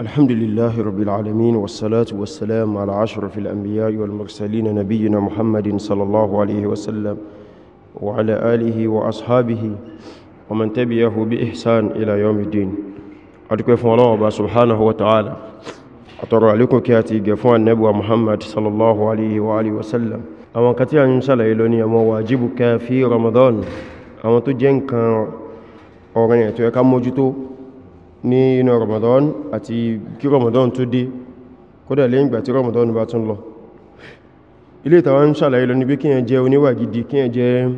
الحمد لله رب العالمين والصلاة والسلام على في الأنبياء والمرسلين نبينا محمد صلى الله عليه وسلم وعلى آله وأصحابه ومن تبعه بإحسان إلى يوم الدين أدكوا الله سبحانه وتعالى أترى لكم كاتي قفوا النبوة محمد صلى الله عليه وآله وسلم أما كتير إن شاء الله إلوني أما في رمضان أما تجنك أغنية يكا موجتو ní inú Ramadan àti kí Ramadan tó dé kódà lẹ́yìn ìgbà tí Ramadan bá tún lọ ilé ìtawà ń ṣàlàyé lọ níbi kíyàn jẹ́ oníwà gidi kíyàn jẹ́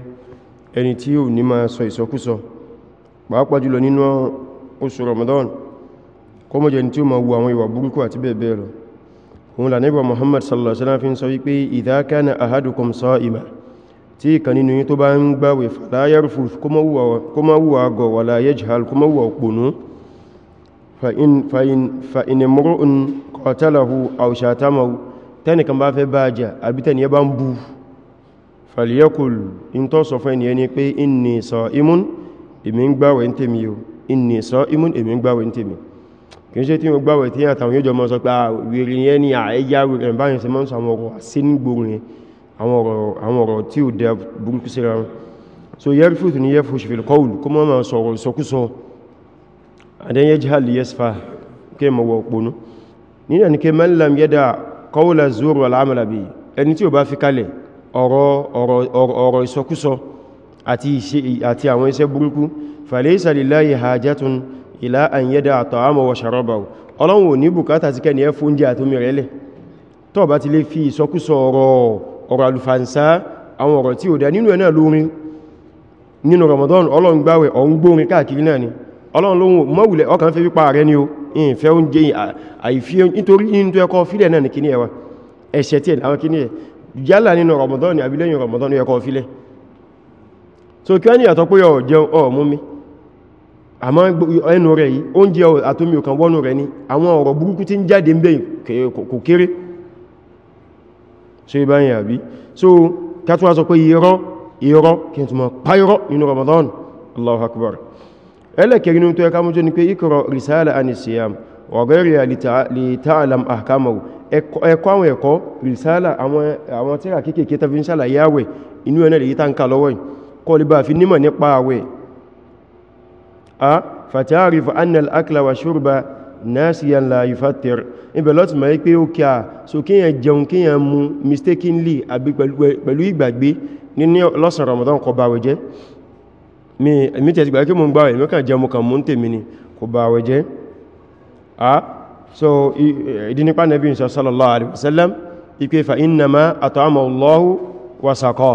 ẹni tí ò ní máa sọ ìsọkúsọ pàápàá jùlọ nínú oṣù Ramadan kó mọ́ jẹ́ ni tí ó máa wu àwọn ìwà burúkú àti bẹ́ẹ̀ bẹ́ẹ̀ lọ òun là Muhammad sallallahu alaihi wasallam fi ń sọ wípé idha kana ahadukum sa'ima tí ìkan nínú yín tó bá ń gbàwẹ̀ fala yarfuth kó má wùwà àgọ̀ wala yajhal kó má wùwà òpònú fa'in fa'in fa'in mur'un qatalahu aw shatamahu tani kan bá fẹ́ baja àbí tani bá ńbú falyakul in tó sọ fún ẹni pé inni sa'imun èmi ńgbààwẹ̀ ntemi o inni sa'imun èmi ńgbààwẹ̀ ntemi kin ṣe tí mo gbààwẹ̀ tí àtàwọn yó jọ mọ́ sọ imun wiri yẹn ni a eja wiri en bá yẹn ṣe mọ́ sọ àwọn ọ̀rọ̀ sin gboro yẹn àwọn ọ̀rọ̀ àwọn ọ̀rọ̀ tí ó dé burúkú síra so yarfuth ni yafush fil qawl kuma ma sọ sọ ku sọ adan yajhal yasfa ke mo wo ponu nina ni ke man lam yada qawla zur wal amala bi ẹni tí ó bá fi kalẹ̀ ọ̀rọ̀ ọ̀rọ̀ ọ̀rọ̀ ati àti iṣẹ́ àti àwọn iṣẹ́ burúkú falaysa lillahi hajatun ila an yada ta'ama wa sharabahu Ọlọ́hun ò ní bùkátà tí kẹ́ni ẹ fún jẹ àtomi rẹ̀ lẹ̀ tó bá ti lè fi ìsọkúsọ ọ̀rọ̀ ọ̀rọ̀ àlùfàǹsá àwọn ọ̀rọ̀ tí ò dá nínú ẹ̀ náà lórin nínú Ramadan Ọlọ́hun gbààwẹ̀ ọ̀hún gbórin káàkiri náà ni ọlọ́run lóhun mọ́wùlẹ̀ ọkàn fẹ́ pípa rẹ ni o ìfẹ́ oúnjẹ àìfí nítorí ní tó ẹkọ́ fílẹ̀ náà ní kíní ẹwà ẹ̀ṣẹ̀ tí ẹ̀ láwọn kíní ẹ̀ yálà nínú Ramadan ni àbí lẹ́yìn Ramadan ẹkọ́ fílẹ̀ so kí wọ́n ní ìyàtọ̀ pé ó jẹun ó mumi àmọ́ ẹnu rẹ̀ yìí oúnjẹ àtomi ọkàn wọnú rẹ̀ ni àwọn ọ̀rọ̀ burúkú tí ń jáde ń bẹ̀ kò kéré so ìbáyìn àbí so kí a tún wá sọ pé irọ́ irọ́ kí n tún mọ̀ páírọ́ nínú Ramadan Allahu Akbar ẹlẹ́kẹ̀rin tó yẹ ká mú jẹ́ ni pé ikọ̀rọ̀ risala anisiyam ọ̀gẹ́rẹ̀ lítààlam ahkamahu ẹkọ́ àwọn ẹ̀kọ́ risala àwọn tírà kéèkéé tàbí ń sàlàyé àwẹ̀ inú ẹ̀nà lèyí tánkà lọ́wọ́ kọ́ lè bá fi nímọ̀ nípa àwẹ̀ a fata'arif akla wa shurba nasiyan la yufattir ibẹ̀ lọ́tí ma yí pé ó kí a so kíyàn jẹun kíyàn mú ní lọ́sàn Ramadan kọ bàwẹ̀ jẹ́ mi tẹ̀ ti gbà kí mo ń gbà rẹ̀ mẹ́kàn jẹ́ mo kàn mú ń tèmi ni kò bá wẹ̀ jẹ́ a so ìdí nípa Nabi sallallahu alaihi wasallam ipe fa innama at'ama Allahu wa saqa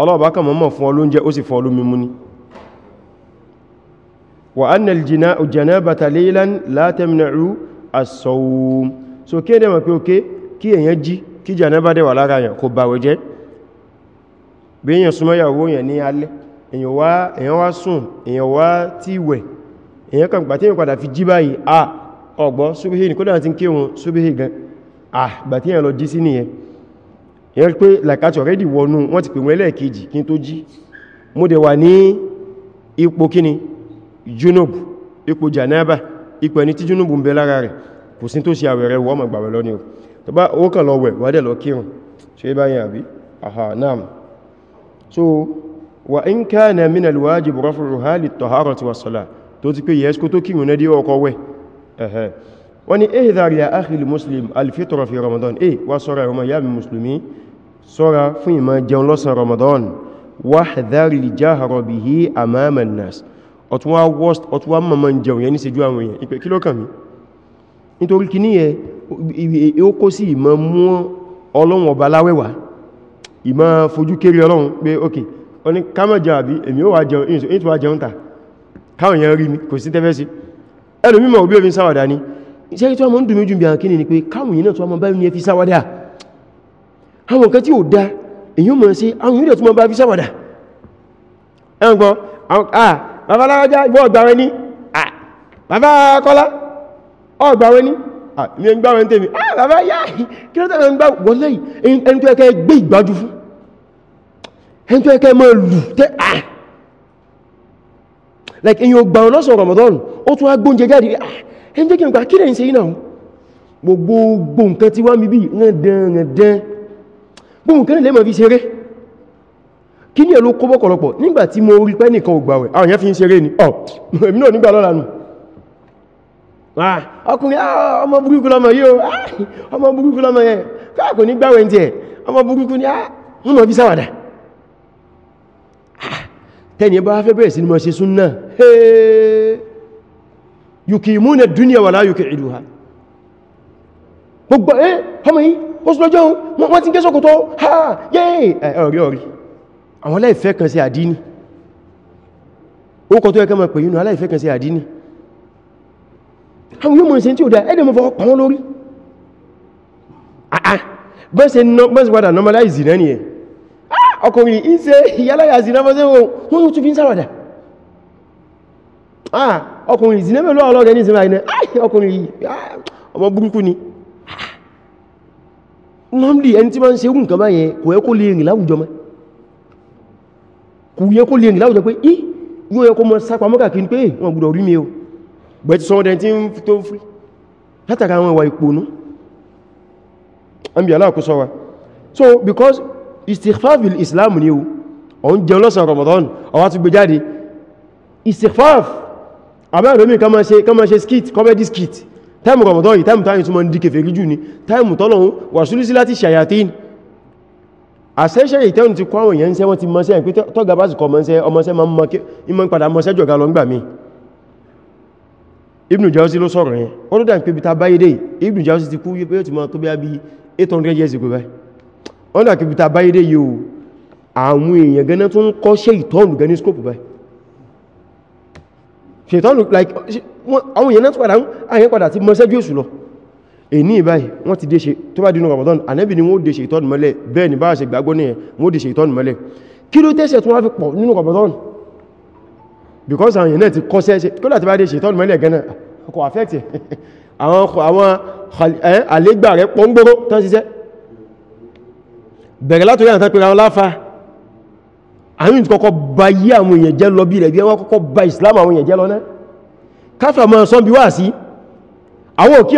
ọlọ́ọ̀bá kan mọ́mọ̀ fún olóúnjẹ ó sì fún olómi mú ni wa anna al so kí ẹ̀dẹ̀ mọ̀ pé òkè kí èyàn jí kí janaba dẹ̀ wà lára yẹn kò èyàn wá èyàn wá sùn èyàn wá tí wẹ̀ èyàn kan gbà tí èyàn padà fi jí báyìí à ọgbọ́ súbíhì ní kódà tí ń kéwọn súbíhì gan à gbà tí èyàn lọ jí sí nìyẹn èyàn pé làkàtì ọ̀rẹ́dì wọnú wọ́n ti pè wọ́n ẹlẹ́ẹ̀kejì kí tó jí mo dẹ̀ wà ní ipò kíni junub ipò janaba ipò ẹni tí junub ń bẹ lára rẹ̀ kò sí tó ṣe àwẹ̀ wọ́n mọ̀ gbàwẹ̀ lọ ni o tó bá ó kàn lọ wẹ̀ aha naam so wa in kana min alwajib rafuha lit-taharati was-salah tó ti pé yes kó tó kírun na di oko we ehe wani ihdhar ya akhi almuslim alfitra fi ramadan eh wa sora ma ya muslimi sora fún ma jẹun lọ́sàn ramadan wahdhar al-jahra bihi amama an-nas otun wa worst otun wa ma man jẹun yẹn ṣe ju àwọn yẹn ipe kilo kan mi nítorí kíni ye ó kò sí ma mú Ọlọ́hun Ọba lawewa ìmá fojú kéré Ọlọ́hun okay ó ní kámọ̀ jẹ àbí èmi ó wà jẹun ìyìn tó wà jẹun tà káwọn èèyàn rí mi kò sí tẹ́fẹ́ sí ẹlòmímọ̀ òbí òfin sáwàdà ni iṣẹ́ ni pé káwọn èèyàn tó wọ́n ní ẹ da èèyàn mọ̀ sí àwọn èèyàn tó wọ́n bá fi sáwàdà ẹn gbọ́ bàbá lárájá ìwọ ọgbàwẹ́ ní bàbá kọ́lá ọgbàwẹ́ ní mi ń gbàwẹ́ ń tèmi bàbá yá ẹni tó ẹkẹ́ gbé ìgbájú fún ẹn tó ẹkẹ́ mọ́ lù tẹ́ à like in yóò gbàun lọ́sàn Ramadan ó tún agbóúnjẹ jáde à ẹn jẹ́ kí n gbà kí lẹ́yìn ṣe iná gbogbo nǹkan tí wá mi bí rẹ̀dẹ̀rẹ̀dẹ̀ gbogbo nǹkan lè mọ̀ fi ṣeré kí ní ẹ̀lú kó bọ́kọ̀lọpọ̀ nígbà tí àwọn ni ọ̀ èmi náà nígbà lọ́la nù ọkùnrin ọmọ burúkú lọ́mọ yìí ọmọ burúkú lọ́mọ yẹn káàkùn nígbàwẹ̀ ń tiẹ̀ ọmọ burúkú tẹni bá fẹ́ bẹ̀rẹ̀ sí ní mọ́ sí súnnà yukimuna duniya wala yukiduha gbogbo ẹ́ ọmọ yìí ó sọ lọ́jọ́ wọ́n ti ń kẹ́sọ́kù tó ha yẹ́ ọ̀rí ọ̀rí àwọn aláìfẹ́ kan sí àdíní ó kọ́ tó ẹkẹ́ mọ̀ pé yínú aláìfẹ́ kan sí ọkùnrin ìṣe ìyálàyà ìsìnàmọ́sẹ́ wọ́n yóò tún fi ń sàrọ̀dà ah, ọkùnrin ìsìnàmọ́ lọ́wọ́ ọlọ́rẹ̀ ní ìsinmi àìní ah, ọkùnrin ah, ọmọ burúkú ni normally ẹni tí ma ń ṣe ogun kan báyẹn kò yẹ kó lè rìn láwùjọ mọ́ kò yẹ kó lè rìn láwùjọ pé í yóò yẹ kó mọ́ sápamọ́ kàkiri pé wọ́n gbọ́dọ̀ rí mi o bẹ̀ ti sọ́ọ́dẹ̀ tí ń fi tó fi látàkà àwọn ìwà ìpònú àmì aláàkóso wa so because istighfar bil islam ni o òun jẹun lọ́sàn ramadan ọwá tún gbé jáde istighfar abẹ́rẹ̀mí kama ṣe skit comedy skit táìmù ramadan yìí táìmù táyìn túnmọ̀ ní kèfèrí jù ní táìmù tọ́lọ̀un wàṣúlísí láti ṣàyàtín àṣẹ́ṣẹ́ ìtẹ́rùn ti kọ́ àwọn èèyàn ń sẹ́ wọ́n ti mọ́sẹ́ ìpé tọ́gà bá sì kọ mọ́sẹ́ ọmọsẹ́ ma ń mọ́ padà mọ́sẹ́ jọ̀gá lọ ń gbà mí Ibn Jawzi ló sọ̀rọ̀ yẹn ó ló dà ń pé bí ta báyé dé Ibn Jawzi ti kú yóò ti mọ́ tó bí 800 years ago báyìí ọ́nà àkíbìta báyédé yóò àwọn èèyàn gẹ́nà tó ń kọ́ ṣe ìtọ́nù gẹ́ní scope báyìí ṣe ìtọ́nù like àwọn èèyàn náà padà àyẹ́ padà ti mọ́sẹ́jú èṣù lọ èní ìbáyìí wọ́n ti déṣe tó bá dínú Ramadan Ànábì ni wọ́n déṣe ìtọ́nù mọ́lẹ̀ bẹ́ẹ̀ ni bá ṣe because àwọn èèyàn náà ti kọ́ sẹ́ṣẹ́ kó láti bá déṣe ìtọ́nù mọ́lẹ̀ gan-an kò affect àwọn àlégbà rẹ̀ pọ̀ ń gbóró tán ṣiṣẹ́ bẹ̀rẹ̀ látòrí àwọn tàbí àwọn láfá àwọn ìtù kọ́kọ́ bá yí àwọn èèyàn jẹ́ lọ bí rẹ̀ bí wọ́n kọ́kọ́ bá Islam àwọn èèyàn jẹ́ lọ náà káfà mọ́ sọ́n bí wà sí àwọn òkí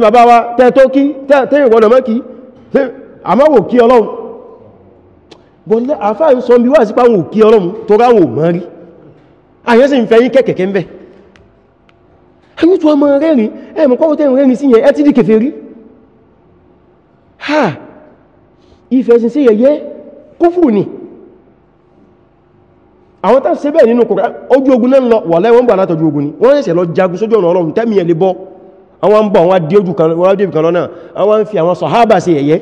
wa tẹ́ tó kí tẹ́yìn gbọ́dọ̀ mọ́ kí àmáwò kí ọlọ́run bọ́lá àfáà ń sọ́n bí wà sí pàwọn òkí ọlọ́run tọ́ráwò mọ́rí ẹ̀yìn tó ọmọ rẹ̀rin ẹ̀mù kọ́wọ́ tẹ́ rẹ̀rin sí yẹn ẹ ti di kèfèrí ha ìfẹ̀sìn sí yẹ̀yẹ́ kúfùrù ni àwọn tán ṣe bẹ́ẹ̀ nínú Kùránì ojú ogun náà lọ wà lẹ́wọ́n bà látọjú ogun ni wọ́n ṣẹ̀ṣẹ̀ lọ jagun sójú ọ̀nà Ọlọ́run tẹ́mì ẹ̀ lè bọ́ àwọn ń bọ̀ àwọn adéojú kan lọ́nà àwọn ń fi àwọn sọ̀hábà ṣe yẹ̀yẹ́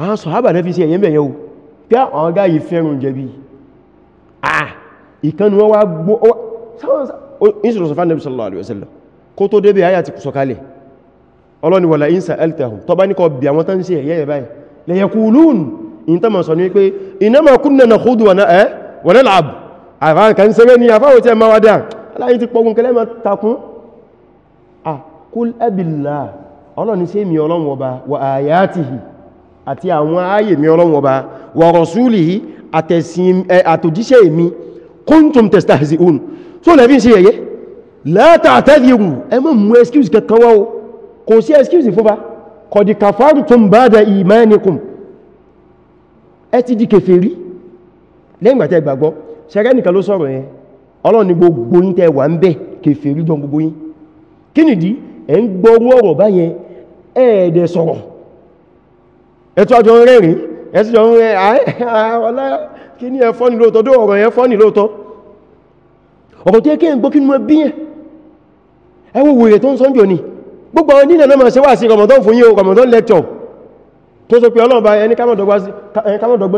àwọn sọ̀hábà náà fi ṣe yẹ̀yẹ́ mẹ́yẹ̀ o pé àwọn gáyìí fẹ́ràn jẹ̀bi ah ìkanu wọ́n wá gbọ́ ìṣòro sọfán nẹ́bí sallallahu alaihi wasallam kó tó débẹ̀ ayà ti sọkalẹ̀ ọlọ́ni wala in sa'altahum tó bá ní kọ bí àwọn tán sí ẹ̀yẹ́ báyìí la yaqulun in ta ma sọ ní pé innama kunna nakhudu wa eh, nal'ab àfáà kan sẹ́rẹ́ ni àfáà tí ẹ ma wádá aláyìn ti pọ̀gùn kẹlẹ́ ma takún à kul abillah ọlọ́ni sí mi ọlọ́run ọba wa àti àwọn ayè mi ọlọ́run ọba wa rasulihi eh, àtòjíṣẹ́ mi kuntum testahzi'un tó lẹ́bí ń ṣe yẹ̀yẹ́ látàtàdìrù ẹmọ́ mú excuse kankan wá o kò sí excuse fún bá kọ̀dì kàfàrù tó ń bá da ìmánikùn ẹ ti di kèfèrí lẹ́yìn gbàtẹ́ ìgbàgbọ́ ṣẹ́rẹ́ nìkan ló sọ̀rọ̀ yẹn ọlọ́ni gbogbo yín tẹ́ wà ń bẹ̀ kèfèrí jọ gbogbo yín kí nìdí ẹ̀ ń gbọ́rú ọ̀rọ̀ báyẹn ẹ̀ẹ̀dẹ̀ sọ̀rọ̀ ẹ̀tọ́ àjọ ọ̀rọ̀ tí kéyàn gbọ́ kínú ẹbí yẹn ẹwọ́ wèrè tó ń sọ́njọ́ ni gbogbo àwọn nílẹ̀ náà ṣe wà sí Ramadan fún yíò Ramadan lecture tó sọ pé Ọlọ́run bá ẹni kámọ̀dọ́gbọ́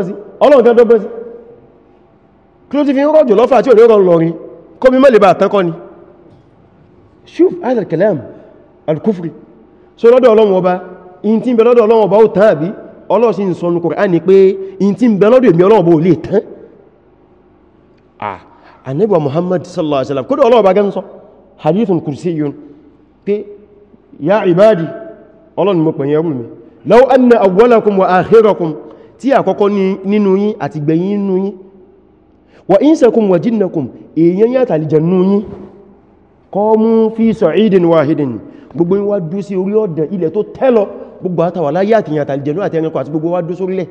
sí Ọlọ́run gan dọ́gbọ́ sí kí ló ti fi ń rọ̀jò lọ́fà tí ò ní rọrùn lọ́rin kó mi mẹ́lẹ̀ bá àtẹ́kọ́ ni ṣúf alkalam alkufri so lọ́dọ̀ Ọlọ́run ọba in ti ń bẹ lọ́dọ̀ Ọlọ́run ọba ó tán àbí Ọlọ́run sì ń sọ nù Kùránì pé in ti ń bẹ lọ́dọ̀ èmi Ọlọ́run ọba ò lè tán ànábì wa muhammad sallallahu alaihi wasallam kódà ọlọ́wọ́ bá gán sọ hadithun kursiyyun pé ya ibadi ọlọ́run mọ̀ pẹ̀yẹ rú mi law anna awwalakum wa akhirakum tí àkọ́kọ́ nínú yín àti gbẹ̀yìn nínú yín wa insakum wa jinnakum èèyàn yàtà àlìjànnú yín qamu fi sa'idin wahidin gbogbo yín wá dú sí orí ọ̀dàn ilẹ̀ tó tẹ́lọ gbogbo àtàwà láyé àtìyàn àtàlìjànú àti ẹranko àti gbogbo wá dú sórílẹ̀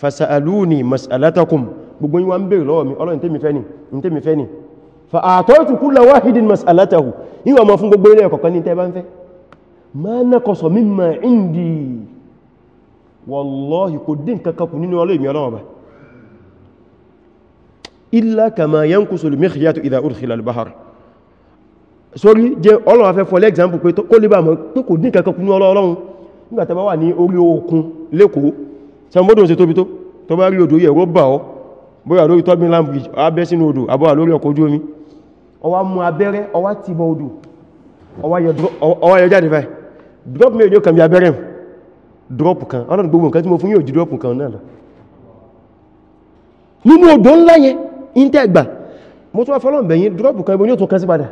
fasaluni mas'alatakum gbogbo yín wá ń bèèrè lọ́wọ́ mi ọlọ́run tèmi fẹ́ ni ní tèmi fẹ́ ni fa àtọ́tù kulla wahidin mas'alatahu yín wà mọ́ fún gbogbo ilé ẹ̀kọ̀kan ní tẹ́ bá ń fẹ́ ma naqasa mimma indi wallahi kò kò dín kankan kù wà ní orí òkun lẹ́kọ̀ọ́ sàmọ́dún ṣe tóbi tó tó rí odò yẹ̀ rọ́bà ọ́ bóyá lórí tọ́bìn lambridge abẹ́ sínú odò àbọ́wà lórí ọkọ̀ ojú omi ọwá mú abẹ́rẹ́ ọwá ti bọ odò ọwá yọ jáde báyìí drop méjì ó kàn bí abẹ́rẹ́ drop kan ọ̀nà gbogbo nǹkan tí mo fún yóò jí drop kan náà nínú odò ńlá yẹn intẹ́gbà mo tún wá fọ́lọ́n bẹ̀yìn drop kan ibo ní òtún kan sí padà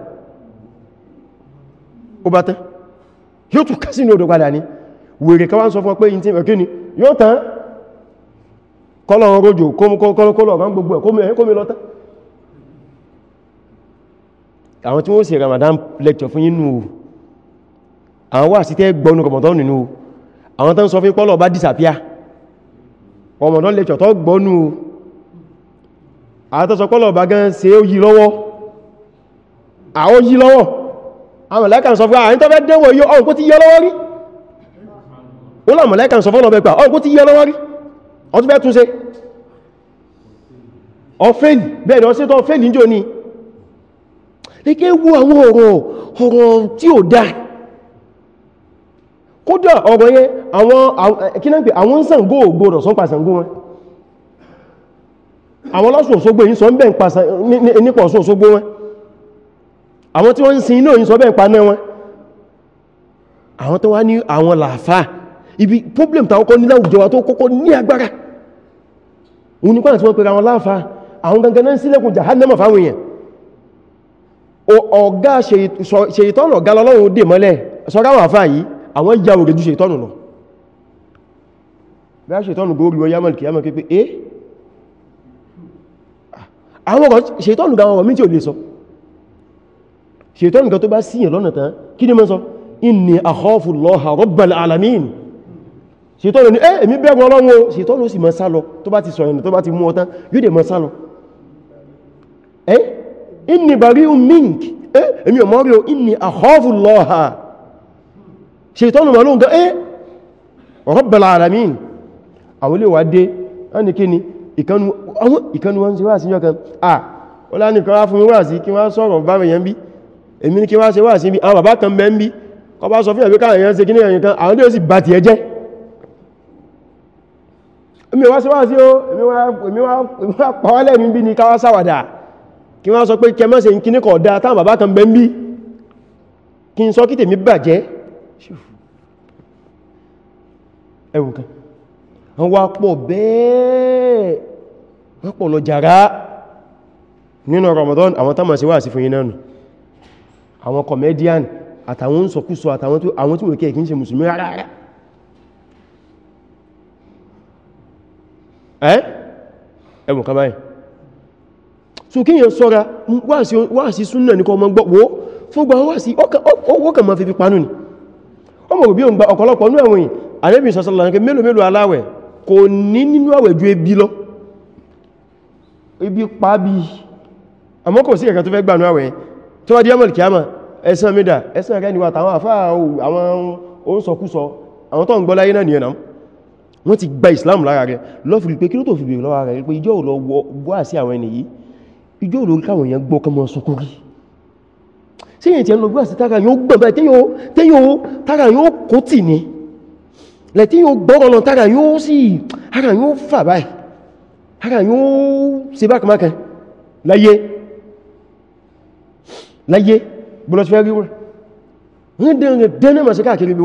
ó bá tán yóò tún kan sínú odò padà ní wèrè kan wá ń sọ fún ọ pé yìí tí ẹ̀kí ni yóò tán kọ́lọ̀ rojò kọ́lọ̀ kan gbogbo ẹ̀ kó mi lọ́tá àwọn tí wọ́n ṣe Ramadan lecture fún yínú àwọn wà sí tẹ́ gbọ́nù Ramadan nínú àwọn tán sọ fún pọ́lọ̀ bá disappear Ramadan lecture tọ́ gbọ́nù àtọ́sọ pọ́lọ̀ bá gan ṣe ó yí lọ́wọ́ àwọn yí lọ́wọ́ àwọn mọ̀lẹ́kà sọ fún àwọn tó fẹ́ dẹ́wọ̀ yóò ọ̀n kó ti yẹ lọ́wọ́ rí ọ tún bẹ́ tún ṣe ọ̀fẹ́lì bẹ́ẹ̀dẹ̀ ọ́sẹ́ tó ọ̀fẹ́lì ń jò ní lékẹ́ wú àwọn ọ̀rọ̀ ọ̀rọ̀ tí ó dá kódà ọ̀rọ̀ yẹ àwọn kínápẹ̀ àwọn Ṣàngó ògbòrò sọ́n pàṣàngó wọn àwọn lọ́sùn Òṣogbo yìí sọ ń bẹ̀ nípa Ọ̀ṣun Òṣogbo wọn àwọn tí wọ́n ń sin iná yìí sọ bẹ́ẹ̀ paná wọn àwọn tó wá ní àwọn làáfáà ibi problem ta kọ́kọ́ nílá òjọwà tó kọ́kọ́ ní agbára òun ní kọ́nà tí wọ́n pèrè àwọn láàfà àwọn gangan náà sílẹ̀kùn jahannama fáwọn èèyàn ọ̀gá ṣèyítọ́nù ọ̀gá lọ́lọ́run ó dè mọ́lẹ̀ sọ́ráwà fà yìí àwọn ya òrè ju ṣèyítọ́nù lọ bí a ṣèyítọ́nù górí wọ́n yámọ̀ kìyàmọ̀ pé eh ah, àwọn ọkọ̀ ṣèyítọ́nù gan ọ̀rọ̀ mi tí ò lè sọ ṣèyítọ́nù alamin ṣètọ́nù ní eh, èmi bẹ̀rún ọlọ́run o ṣètọ́nù ó sì mọ́ sálọ tó bá ti sọ ẹ̀nà tó bá ti mú ọtán yóò dẹ̀ mọ́ sálọ ẹ́ eh? inni bari'un mink ẹ́ eh? èmi ọmọ rí o inni akhafu Allaha ṣètọ́nù mọ́ lóǹgá ẹ́ Rabbal alamin àwọn ilé wà dé ẹni kí ni ìkanu wọn ṣe wá sí yọ kan à ó lá ní kọ́lá èmi wá sí wá sí ó èmi wá pàwọ́lẹ̀ mi bí ní káwà sáwàdà kí wọ́n sọ pé kẹ mọ́ ṣe ń kíní kọ̀ọ̀dá táwọn bàbá kan bẹ́ ń bí kí n sọ kí tèmi bàjẹ́ ẹwùn kan wọ́n wá pọ̀ bẹ́ẹ̀ wọ́n pọ̀ lọ jàrá nínú Ramadan àwọn táwọn sí wá sí fún yínà nù àwọn comedian àtàwọn sọkúsọ àtàwọn tí wọ́n kẹ́ kí ń ṣe mùsùlùmí rárá Eh? ẹwọ̀n kan báyìí so kí yẹn sọ́ra wáàsí súnnà ní kọ ọmọ gbọ́wọ́ fúgbà wáàsí ọwọ́ kan ma fi fi panú ni ọmọ òbí òǹgbà ọ̀pọ̀lọpọ̀ ní àwọn yìí Ànábì sọ́sọ́lá ní mélòó aláwẹ̀ kò ní nínú àwẹ̀ ju ebi lọ ebi pa bí àmọ́ kò sí ẹ̀kà tó fẹ́ gbà ní àwẹ̀ tó wọ́n ti gba islam lára rẹ̀ lọ́fìrí pé kí ló tó fi bèèrè lọ́wọ́ rẹ̀ pé ìjọ́ òlò wọ́ àsí àwọn ẹni yìí ìjọ́ òlò káwọn èèyàn gbọ́ kọmọ sọkúrí sí èyàn tí ẹn lọ gbọ́ àsí tára yóò gbẹ̀bẹ̀ tẹ́yàn tára yóò kó tì ní lẹ́tí yóò gbọ́rọ̀nà tára yóò sì ara yóò fà báyìí ara yóò ṣe bákamakan láyé láyé bọ́lọ́tífẹ́ rí wọ́n rí dẹ́rẹ̀ dẹ́rẹ̀ màṣẹ́kà kiri bí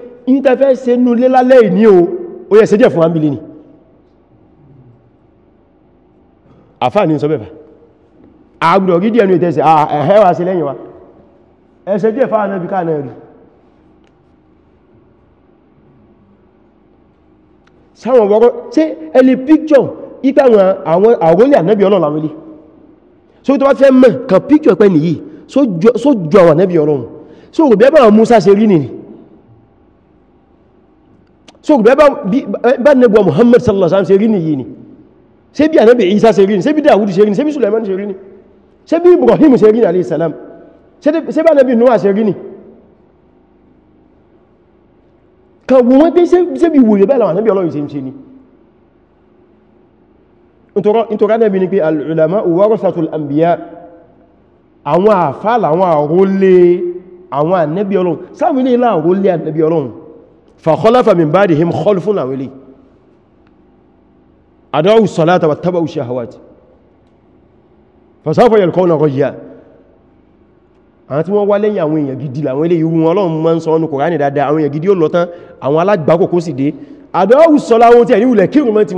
ìtafẹ́ ṣe nú lé lálẹ́ ìní o ó yẹ ṣẹ́jẹ̀ fún àmìlì ni àfáà ní sọ́bẹ̀fà àgbùdọ̀ gídí ẹnu ìtẹ́sẹ̀ àhẹ́wà sí lẹ́yìn wa ẹ̀ṣẹ́ jẹ́ fáà náà bí káà náà rí sáwọn wọ́rọ́ tí ẹlẹ́ píkṣọ̀ ipa àwọn àwọlé ànẹ́bí ọlọ́run àwọn ilé so tó bá fẹ́ mẹ́ kan píkṣọ̀ pẹ́ nìyí so jọ àwọn ànẹ́bí ọlọ́run so rò bí ẹbá àwọn Musa ṣe rí nìyí so bá nẹ́gbà muhammad sallallahu alaihi wasallam ṣe rí nìyí ni ṣe bí ànábì isa ṣe rí ni ṣe bí dawudu ṣe rí ni ṣe bí suleiman ṣe rí ni ṣe bí ibrahim ṣe rí ni alayhi salam ṣe bá ànábì noah ṣe rí ni ka wọ́n pé ṣe bí wòye bẹ́ẹ̀ làwọn ànábì ọlọ́run ṣe ń ṣe ni nítorí àwọn àrólé àwọn ànábì ọlọ́run sáwọn ilé ìlà àrólé ànábì ọlọ́run fàkọ́láfà min bá dì him khalfun àwọn ilé adáwù sọ́látà wà tàbà òṣì àwàtí fasáfà yẹ̀ kọ́nà rọ̀yà àwọn tí wọ́n wá lẹ́yìn àwọn èèyàn gidi àwọn ilé ìwú wọn lọ́n mọ́ ń sọ ọ́nù Kùránì dáadáa àwọn èèyàn gidi ó lọ́tán àwọn alágbàkò kó sì dé adáwù sọ́lá wọn tí ẹ̀ níwùlẹ̀ kírùn mọ́ ti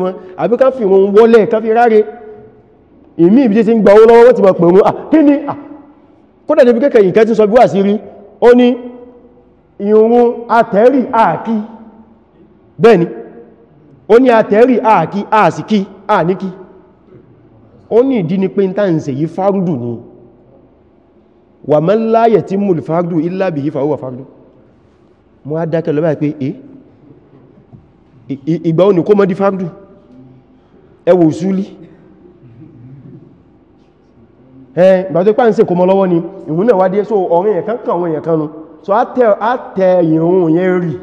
wọn àbí ìrun àtẹ́rì àkí bẹ́ẹ̀ni ó ní àtẹ́rì àkí àsìkí àníkí ó ní ìdí ni pé ń tàn ṣe yí fárúdù ni wà man la yatimul fárúdù illa bihi fa huwa fárúdù mọ́ á dákẹ́ lọ́bàá pé eh ìgbà òní kó mọ́dí fárúdù ẹwò súlí ẹ ìgbà tó pàǹsẹ̀ lọ́wọ́ ni so ọ̀rìn ẹ̀kan so a tẹ ìrun yẹn rí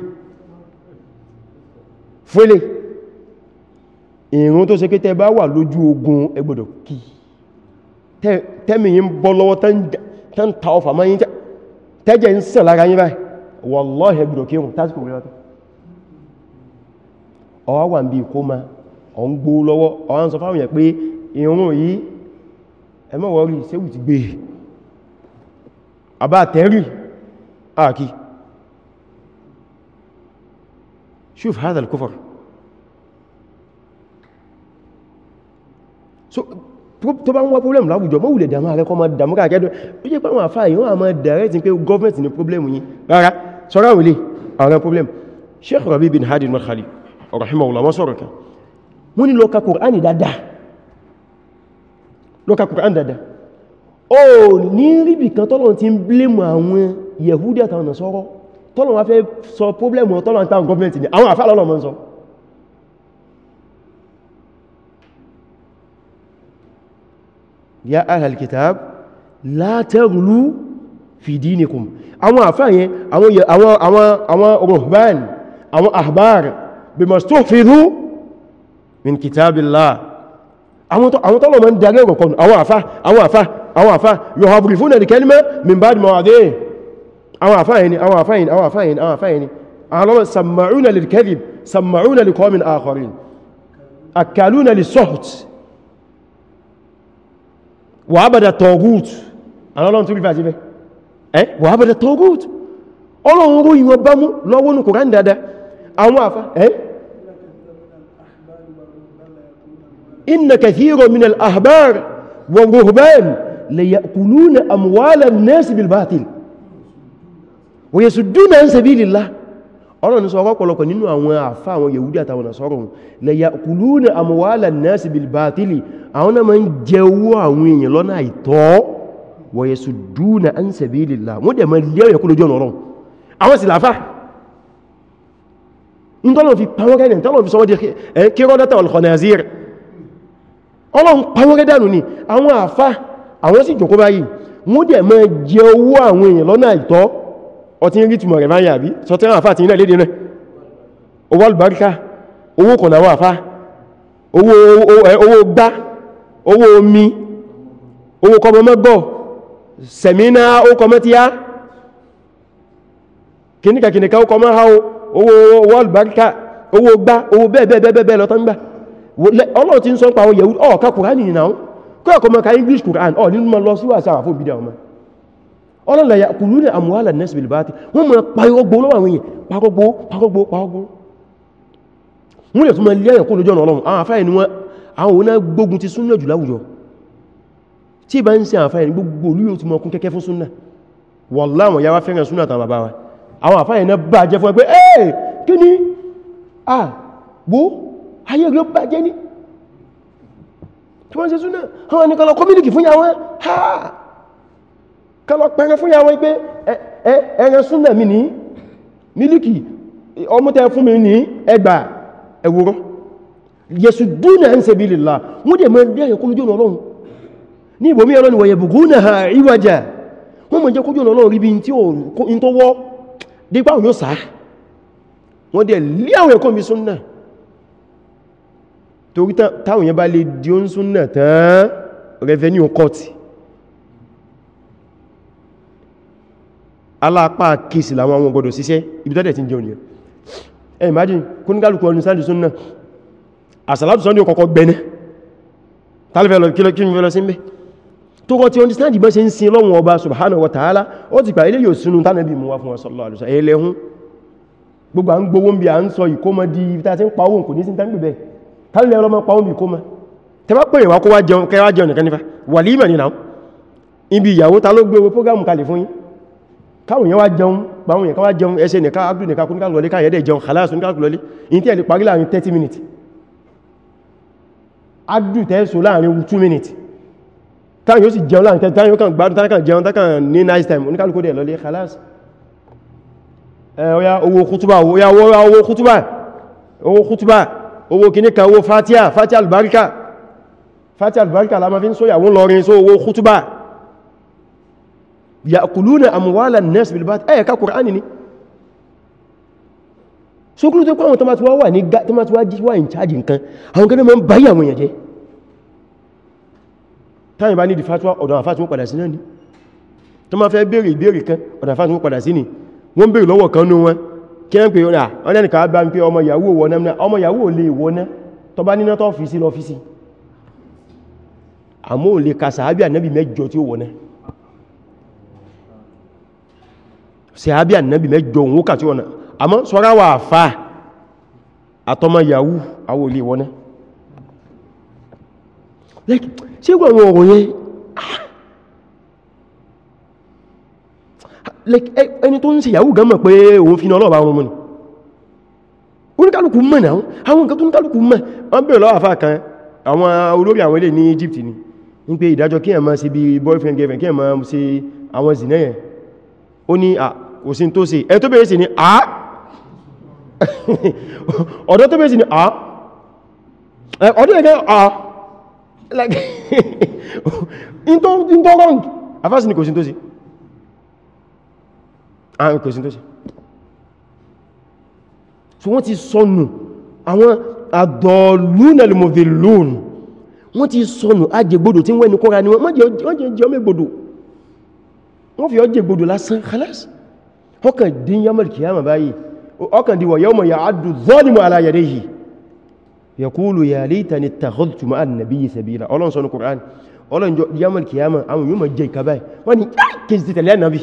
fúnlẹ̀ ìrun tó ṣe pé tẹ bá wà lójú ogun ẹ gbọ́dọ̀ kí tẹ́mì yí ń bọ́ lọ́wọ́ tán ta ọfà máa yí tẹ́jẹ̀ ń sàn lára yí báyìí wallahi ẹ gbọ́dọ̀ kí ìrun tásìkò rẹ̀ látọ́ ọwá wà ń bí kó ma ọ ń gbó lọ́wọ́ ọwá ń sọ fáwọn yẹn pé ìrun yìí ẹmọ́wọ́ rí séwù ti gbé e? àbá tẹ́rì آكي شوف هذا الكفر so tó bá ń wá problem láwùjọ mọ́ wùlẹ̀ dàmà rẹ̀ kọ́ ma dàmà rẹ̀ kẹ́dọ̀ ó jẹ́ pàwọn àfáà yíò àmà direct pé government ni problem yìí rárá sọ́rọ̀ wùlẹ̀ àwọn problem Sheikh Rabi bin Hadi al-Madkhali rahimahullah wọ́n sọ̀rọ̀ kan mú ní lọ́ka Kùránì dáadáa lọ́ka Kùránì dáadáa ó ní ríbì kan tọ́lọ̀ ti blame àwọn yẹ̀húdí àtàwọn ọ̀nà sọ́rọ̀ tọ́lọ̀ wá fẹ́ sọ pọ́blẹ̀mù tọ́lọ̀ àtàwọn gọ́ọ̀mẹ́ntì ni àwọn àfáà lọ́lọ́ mọ́ sọ ya ahlal kitab la taghlu fi dinikum àwọn àfáà yẹn àwọn ruhban àwọn ahbar bimastahfizu min kitabillah àwọn àwọn àfáyẹni àwọn àfáyẹni àwọn àfáyẹni àwọn àfáyẹni àwọn lọ́wọ́ sàmàrúnà lè kẹ́dì sàmàrúnà lè kọ́mìn àkọrin àkàlúnà lè sọ́hùt wà ábàdà tọ́gùt àwọn tó rí fàájí bẹ́ ẹ́ wà ábàdà tọ́gùt ọlọ́run rú ìwọ̀n bá mú lọ́wọ́ nù kòrán dada àwọn àfá ẹ́ inna kathiro min al-ahbar wa ruhban la ya'kuluna amwala an-nas bil batil wòye sù dúnà ń ṣe bí lìlá ọ̀rọ̀ ní sọ ọ̀pọ̀lọpọ̀ nínú àwọn àfá àwọn yehudi àtàwọn nasọ́rọ̀ lè ya kùlú ní àmúwàlà náà sí bilbatili àwọn náà ma ń jẹ owó àwọn èèyàn lọ́nà àìtọ́ wòye sù dúnà ń ṣe bí lìlá wọ́n dẹ̀ ma lé ọ̀yẹ̀kú lójú ọ̀nà ọ̀rọ̀ àwọn sì láfá ìtọ́lọ̀ fi pàwọn ọtí ń rí túnmọ̀ rẹ̀ báyà bí sọtẹ́rán àfá àti ilẹ̀ lédè náà owó albarka owó kọ̀nàwó àfá owó gbá owó omi owó kọmọmọ́gbọ̀ sẹ̀mínà ó kọmọ́tíyá kìníkàkìníkà ó kọmọ́ ha owó albarka owó gbá owó bẹ́ẹ̀bẹ́ẹ̀bẹ́ẹ̀ lọ́tọ́ngbà ọlọ́run ti ń sọ ń pa àwọn yẹ̀wú ọ̀ọ̀ká kùránì nìyàn kọ́ ẹ̀kọ́ mọ́ ká English Quran ọ̀ nínú mọ́ lọ síwà sáwà fún ìbídà ọmọ ọlọ́lá ya kùlú ní àmúhálà nẹ́sì bìlì bá ti wọ́n mọ̀ pàrọgbó lọ́wọ́ àwọn èèyàn pàrọgbó pàrọgbó pàrọgbó wọ́n lè tún mọ̀ lẹ́yìn kó lójọ́ ọlọ́run àwọn afẹ́ ni wọ́n àwọn òun náà gbógun ti súnnà jù láwùjọ tí bá ń ṣe àfáà ní gbogbo olú yóò ti mọ̀ kún kẹ́kẹ́ fún súnnà wọ́lá àwọn yàwá fẹ́ràn súnnà tàbí bàbá wa àwọn àfáà náà bá jẹ́ fún ẹgbẹ́ ẹ́ kí ni à wo ayé rí ó bá jẹ́ ní tí wọ́n ṣe súnnà àwọn ha kọlọ pẹ̀rẹ fún yàwó pé ẹran súnlẹ̀ mi ní mílìkì ọmọtẹ fún mi ní ẹgbà ẹwòrán yẹsù dúnà ń ṣe bílìlá wọ́n dẹ̀ mọ́ dẹ̀ kó lójú ọlọ́run ní ìbòmí ọlọ́run wọ̀nyẹ̀ bùgúnà ha ìwàjà wọ́n mọ̀ jẹ́ kójú ọlọ́run rí bí i tó wọ́ dípá òun yóò sáà wọ́n dẹ̀ lé àwọn ẹ̀kọ́ mi súnnà torí táwọn yẹn bá lè revenue cut alápá kìsì làwọn àwọn ọgbọ̀dọ̀ síṣẹ́ ibi tọ́dẹ̀ tí ń jẹun yẹn ẹ imagine kún ní kálùkù ọdún sáàdì súnnà àsàlátù sọ́ndì ọkọ̀kọ́ gbẹ̀nẹ́ tálífẹ́lọ kí ní fẹ́lọ sí mẹ́ tó kọ́ tí ó ń sáàdì bẹ́ ṣe ń sin lọ́wọ́ ọba subhanahu wa ta'ala ó ti gbà ilé yóò sunu tánàbí mú wa fún sallallahu alaihi wasallam ẹlẹ́hún gbogbo à ń gbowó bí à ń sọ ìkómọ pa owó kò ní sí tánbì bẹ́ẹ̀ tálẹ̀ ọlọ́mọ pa káwọn èèyàn wá jẹun pàwọn èèyàn káwà jẹun ẹsẹ nìká abdú nìká kún káàkùn lọlé káyẹ̀dẹ̀ jẹun khalas ní káàkùn lọlé in tí ẹ̀ lè parí láàrin 30 minutes abdú tẹ́ẹ̀sọ láàrin 2 minutes táwọn yóò sì jẹun láàrin 30 táwọn yóò kàn gbádùn táwọn jẹun táwọn ní nice time oníkálùkù dẹ̀ lọlé khalas ó yá owó kútúbà ó yá fatia fatia albarika fatia albarika la ma fi ń sóyàwó lọrin só yàkùlúnà àmúwàlà nẹ́sì bilbat ẹ̀yẹ ká kùránì ni so kúrò tó kọ́ àwọn tomatiwa wà ní tomatiwa jíwà in charge nǹkan àwọn kẹ́lẹ́ mọ́ ń báyí àwọn èèyàn jẹ́ táyìn bá ní di fatuwa ọ̀dọ̀ àfáàtún padà sí náà ni tó máa fẹ́ béèrè ìbéèrè kan ọ̀dọ̀ àfáàtún padà sí ni wọ́n béèrè lọ́wọ́ kan nú wọn kí ẹ́ ń pè ọ́nà ọ̀nà sàábí ànábì mẹ́jọ òun kàtí ọ̀nà àmọ́ sọ́rá wà fà àtọmọ yahoo àwọn olè wọ́ná ṣe gbọ́ àwọn ọ̀rọ̀ yẹn ah. ẹni tó ń ṣe yahoo gan mọ̀ pé òun fi ọlọ́ọ̀bá wọn mọ̀ ní oníkálùkù mọ̀ náà àwọn nǹkan tó níkálùkù mọ̀ wọ́n bèèrè lọ́wọ́ àfà kan àwọn olórí àwọn ilé ní Egypt ni ń pé ìdájọ́ kí ẹ̀ máa bí boyfriend girlfriend kí ẹ̀ máa ṣe àwọn zìnà ó ní òsìn tó sí ẹ tó bèèrè sí ní à ọ̀dọ́ tó bèèrè sí ní à ọdún ẹgbẹ́ à like into wrong afásí ni kò sí tó sí àwọn kò sí tó sí so wọ́n ti sọnù àwọn àdọ̀lúnàlùmọ̀dìlún wọ́n ti sọnù ajẹ́gbodò tí wọ́n ẹnu kọ́ra ni wọ́n jẹ́ ọmọ ìgbodò wọ́n fi ọjẹ́ gbogbo lásán khalas ọkàn dín yamal kìyàmà báyìí ọkàn díwọ̀ yawma ya'addu zalimu ala yadayhi yaqulu ya laytani ittakhadhtu ma'a an-nabiyyi sabila ọlọ́n sọ́nù Qur'an ọlọ́n jọ yamal kìyàmà àwọn yóò mọ̀ jẹ́ ìka báyìí wọ́n ni ah, kéjì ti tẹ̀lé ànábì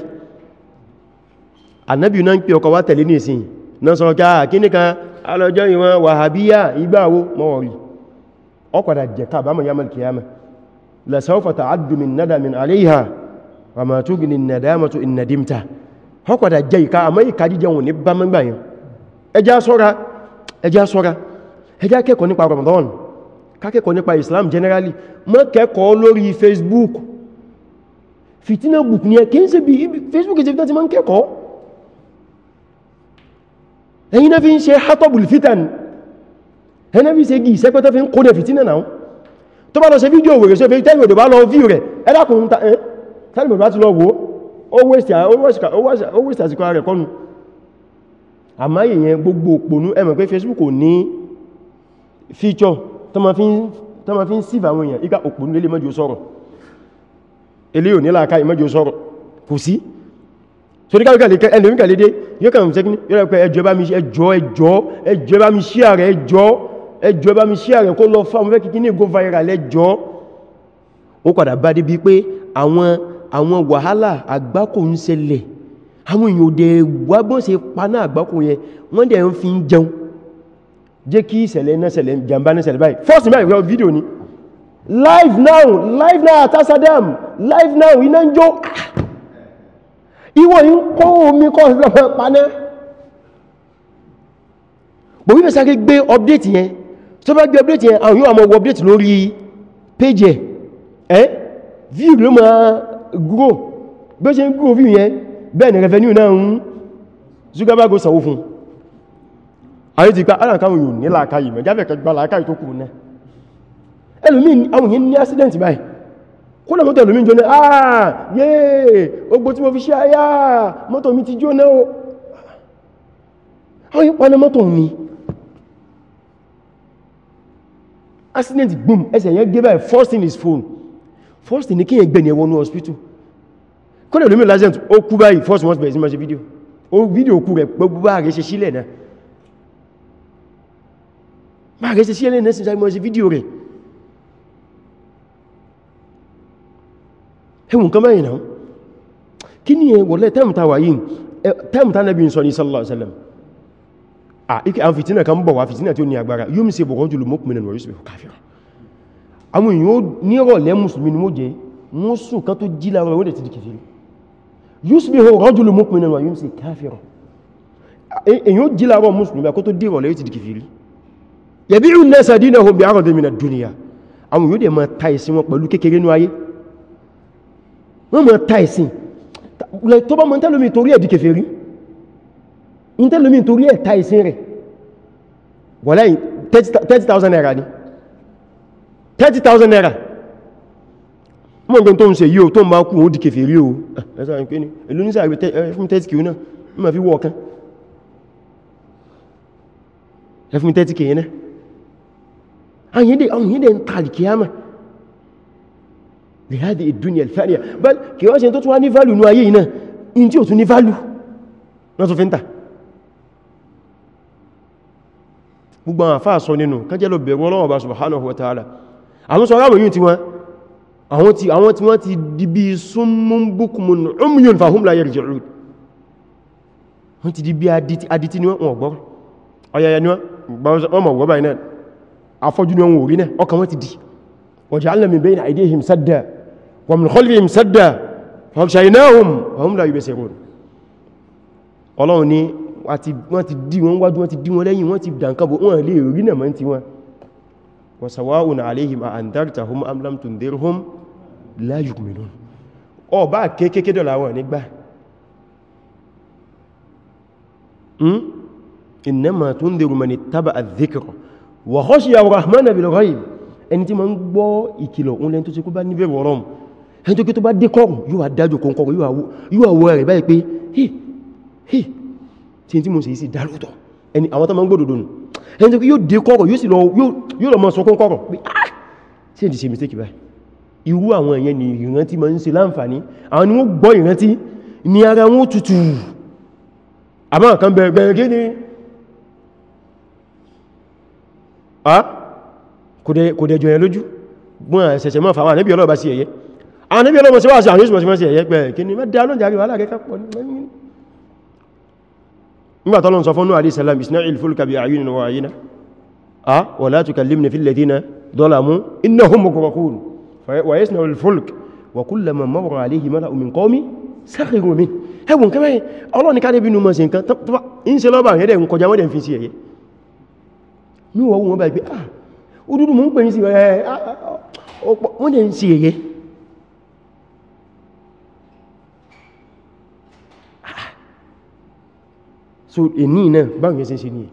ànábì náà ń pè ọkọ̀ wá tẹ̀lé ní ìsìn náà sọ ah, ká kíní kan wa ma tughni nadamatu in nadimta ọkọ̀dà jẹ ìka àmọ́ ìka jíjẹ wọn ní bá mẹ́gbà yẹn ẹjá sọ́ra ẹjá sọ́ra ẹjá kẹ́kọ̀ọ́ nípa Ramadan kákẹ́kọ̀ọ́ nípa Islam generally mọ́ kẹ́kọ̀ọ́ lórí Facebook fitina book ni ẹ e, kí n ṣe bí Facebook ìṣẹ́ fitan ti ma ń kẹ́kọ̀ọ́ ẹ̀yin náà fi ń ṣe hatobul fitan ẹ̀yin náà fi ṣe gí ìṣẹ́pẹ́tọ́ fi ń kó tẹ́lì bàbá ti lọ wo ó wéṣì àsìkò rẹ̀ kọ́nu àmá èyàn gbogbo òpònú ẹ mọ̀ pé Facebook ò ní feature tó ma fi ń síf àwọn èèyàn iká òpònú lélé mọ́jọ sọ́rọ̀ ilé ò nílá aká ìmọ́jọ sọ́rọ̀ kò sí so nígbà ẹlòmíkà lédé yóò kàn sẹ́kí ní yóò pẹ́ ẹjọ́ bá mi ẹjọ́ ẹjọ́ ẹjọ́ bá mi share rẹ̀ ẹjọ́ ẹjọ́ bá mi share rẹ̀ kó àwọn wàhálà àgbákò ń ṣẹlẹ̀ àwọn èèyàn òdẹ̀ wágbọ́n ṣe paná àgbákò yẹn wọ́n dẹ̀ ń fi ń jẹun jẹ́ kí ìṣẹ̀lẹ̀ náà ṣẹlẹ̀ jàmbá náà ṣẹlẹ̀ báyìí fọ́sí mẹ́rin fíọ́ fídíò ní. live now live now atasadam live now iná ń jó ìwọ̀n yí ń kọ́ omi kọ́ ìfẹ́ paná bò wípé sáré gbé update yẹn tó update yẹn àwọn yóò àmọ́ update lórí page ẹ̀ view ló máa grow bí ó ṣe ń grow view yẹn bẹ́ẹ̀ ni revenue náà ń Zuckerberg sanwó fún ayé ti gba alákàwọn yóò ní làákàyè mẹ́ jáfẹ́ kẹgbà làákàyè tó kù náà ẹlòmí àwọn yẹn ní accident báyìí kó lọ mọ́tò ẹlòmí jóná àà ah, yẹ́ ogbó tí mo fi ṣe ayá ah, mọ́tò mi ti jóná o àwọn yípa ní mọ́tò mi accident boom ẹsẹ̀ yẹn gé báyìí first in his phone first ní kíyàn gbẹ̀ni ẹwọ́nú hospital kọ́lẹ̀ olómi lazent ó kú báyìí first wọ́n bẹ̀rẹ̀ sí máa ṣe fídíò ó fídíò kú rẹ̀ gbogbo bá rẹ̀ ṣe sílẹ̀ náà bá rẹ̀ ṣe sílẹ̀ náà sí máa ṣe fídíò rẹ̀ ẹwùn kan mẹ́rin náà kí ni ẹ wọ̀lẹ́ tẹ́mùta wà yìí tẹ́mùta nẹ́bí ń sọ ah ike àwọn fìtínà kan bọ̀ wá fìtínà tí ó ní agbára yóò mi se bọ̀rọ̀ jùlọ mọ́kùnrin wọ̀rí sí àwọn èèyàn nírọ̀lẹ́ musulmi ni wọ́n jẹ́ wọ́n sùn kan tó jí lára wọ́n ti di kèfèrí yusbihu rajulun mu'minun wa yumsi kafiran èèyàn jí lára musulmi kó tó dí rọ̀lẹ́ ti di kèfèrí yabi'u an-nasa dinahum bi'aradin min ad-dunya àwọn yóò dẹ̀ máa ta ìsìn wọn pẹ̀lú kékeré nú ayé wọ́n máa ta ìsìn tó bá mọ́ tẹ́lómi torí ẹ̀ di kèfèrí tẹ́lómi 30,000 naira ni 30,000 naira mọ́ nǹkan tó ń ṣe yíò tó ń bá kú ó di kèfèrí o ah, ẹ̀sọ́ ìpé ní ìlú ní sàrí fún 30k náà ní ma fi wọ́ ọ̀kan ẹfún 30k náà àyíndẹ̀ ń tààlì kíyàmà lè hádìí ìdúnyà ìfẹ́ríà bá kí wọ́n ṣe tó tún wá ní value ní ayé iná in tí ò tún ní value náà tó fi ń tà gbogbo àwọn àfáà sọ nínú kájẹ́ lọ bẹ̀rún ọlọ́wọ̀ bá subhanahu wa ta'ala àwọn sọ́rọ̀ àwọn yìí tí wọ́n àwọn tí àwọn tí wọ́n ti di bí summun bukmun umyun fahum la yarji'un wọ́n ti di bí adití ni wọ́n gbọ́ ọ̀yẹ̀yẹ̀ ni wọ́n mọ̀ gbọ́ báyìí náà afọ́jú ni wọ́n wò rí náà ọkàn wọ́n ti di waja'alna min bayni aydihim sadda wa min khalfihim sadda faghshaynahum fahum la yubsirun ọlọ́run ni wọ́n ti di wọn wájú wọ́n ti di wọn lẹ́yìn wọ́n ti dànkàbò wọ́n lè rí náà mọ́ ti wọn wa sawa'un alayhim a andartahum am lam tundirhum la yu'minun ó bá kéékèèké dọ̀la wọn nígbà hmm? innama tundiru man ittaba'a adh-dhikra wa khashiya ar-rahmana bil-ghayb ẹni tí ma ń gbọ́ ìkìlọ̀ òun lẹ́n tó ti kú bá níbẹ̀ wọ́rọ̀m ẹni tó kí tó bá dé kọrùn yóò wà dájú kọrùn yóò àwọ̀ rẹ̀ báyìí pé hì hì tí tí mo sì sí dárútọ̀ ẹni àwọn tó máa ń gbòdòdó nù ẹni tó kí yóò dé kọ́rọ̀ yóò sì lọ yóò lọ mọ́ sọ kún kọ́rọ̀ pé ah sí èdè ṣe mistake báyìí irú àwọn èèyàn ni ìrántí máa ń ṣe láǹfààní àwọn ni wọ́n gbọ́ ìrántí ni ara wọn tutù àmọ́ kan bẹ̀rẹ̀ gẹ́ni kò dẹjọ yẹn lójú gbọ́n ṣẹ̀ṣẹ̀ mọ́ fàwọn ànẹ́bí ọlọ́ọ̀bá sí ẹ̀yẹ ànẹ́bí ọlọ́ọ̀bá sí wà sí àwọn oṣù mọ́ sí ẹ̀yẹ pẹ̀rẹ̀ kí ni mẹ́ta lóúnjẹ́ àríwá aláàrẹ́kà pọ̀ ní mẹ́rin nígbà tọ́lọ́n sọ fọ́nú àdí salam isna'il fulka bi ayunin wa ayina a wa la tukallimni fil ladina zalamu innahum mughraqun wa yasna'u al-fulk wa kullama marra alayhi mala'u min qawmi sakhiru min hebun kame Ọlọ́run ni kade binu mo ṣe nǹkan in ṣe loba yede nko jawo den fi si eye mi wo wọ́n bá gbé ah odudu mo npe ni si eh wọ́n den si eye so èní náà báwọn yẹn sí sí ní ẹ̀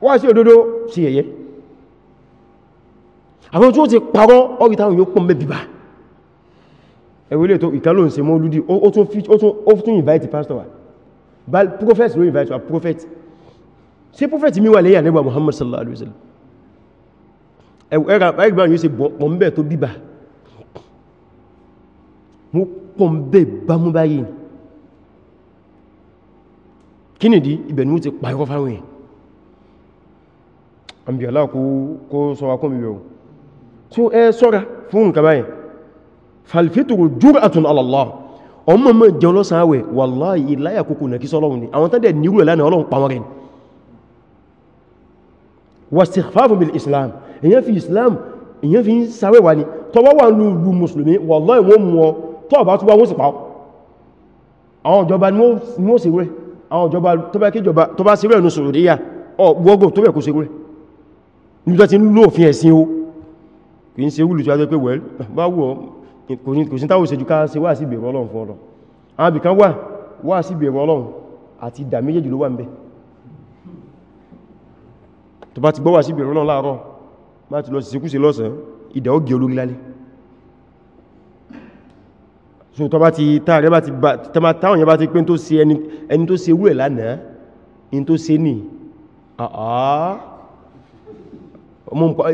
wá sí òdodo sí ẹ̀yẹ́ àwọn tí ó ti parọ́ ọ̀rí táwọn yóò pọ̀ mẹ́bìbà ẹ̀wẹ́lẹ̀ tó ìkálò ń ṣe mọ́ olúdí ó tún invite pastor wa prophet ló invite wa prophet ṣe prophet mi wà lẹ́yà nígbà Muhammad sallallahu alaihi wasallam ẹgbẹ̀rún yóò ṣe pọ̀ mẹ́ tó bíbà mú pọ̀ mẹ́ bá mú báyìí kí nìdí ibẹ̀ ni ó ti pàyọ́ fáwọn èèyàn àmì aláàkó kó sọ́wà kún mi yóò tí ó ẹ sọ́ra fún nǹkan báyìí falfitru jur'atun ala Allah ọmọ mọ́ jẹun lọ́sàn àwẹ̀ wallahi ìláyà kòkò nà kí sọ́lọ́run ni àwọn tẹ́dẹ̀ nírú ẹ̀lá náà islam èyàn islam èyàn fi ń sáwẹ̀ wà ní tọwọ́ wallahi wọ́n mú ọ tọ́ bá pa àwọn ìjọba ni wọ́n sì rẹ̀ àwọn ìjọba tó bá kíjọba tó bá sí rẹ̀nù sòròdíyà ọgbọ́gbọ́ tó bẹ̀ kó segúrẹ́ nígbà tí ń lò fi ẹ̀sìn o kì í ṣe wùlù tí a jẹ́ pé wẹ́l bá wọ́ kò sí táwọn ìṣẹ́jú ká ṣe wá sí ìbẹ̀rù ọlọ́run fún ọlọ́run àwọn ibìkan wà wá sí ìbẹ̀rù ọlọ́run àti ìdà méjèèjì ló wà ń bẹ tó bá ti gbọ́ wá sí ìbẹ̀rù ọlọ́run láàárọ̀ má ti so tó bá ti táàrẹ bá ti bá táwọn yẹn bá ti pín tó ṣe ẹni tó ṣe wúẹ̀ lánàá in tó ṣe ní àá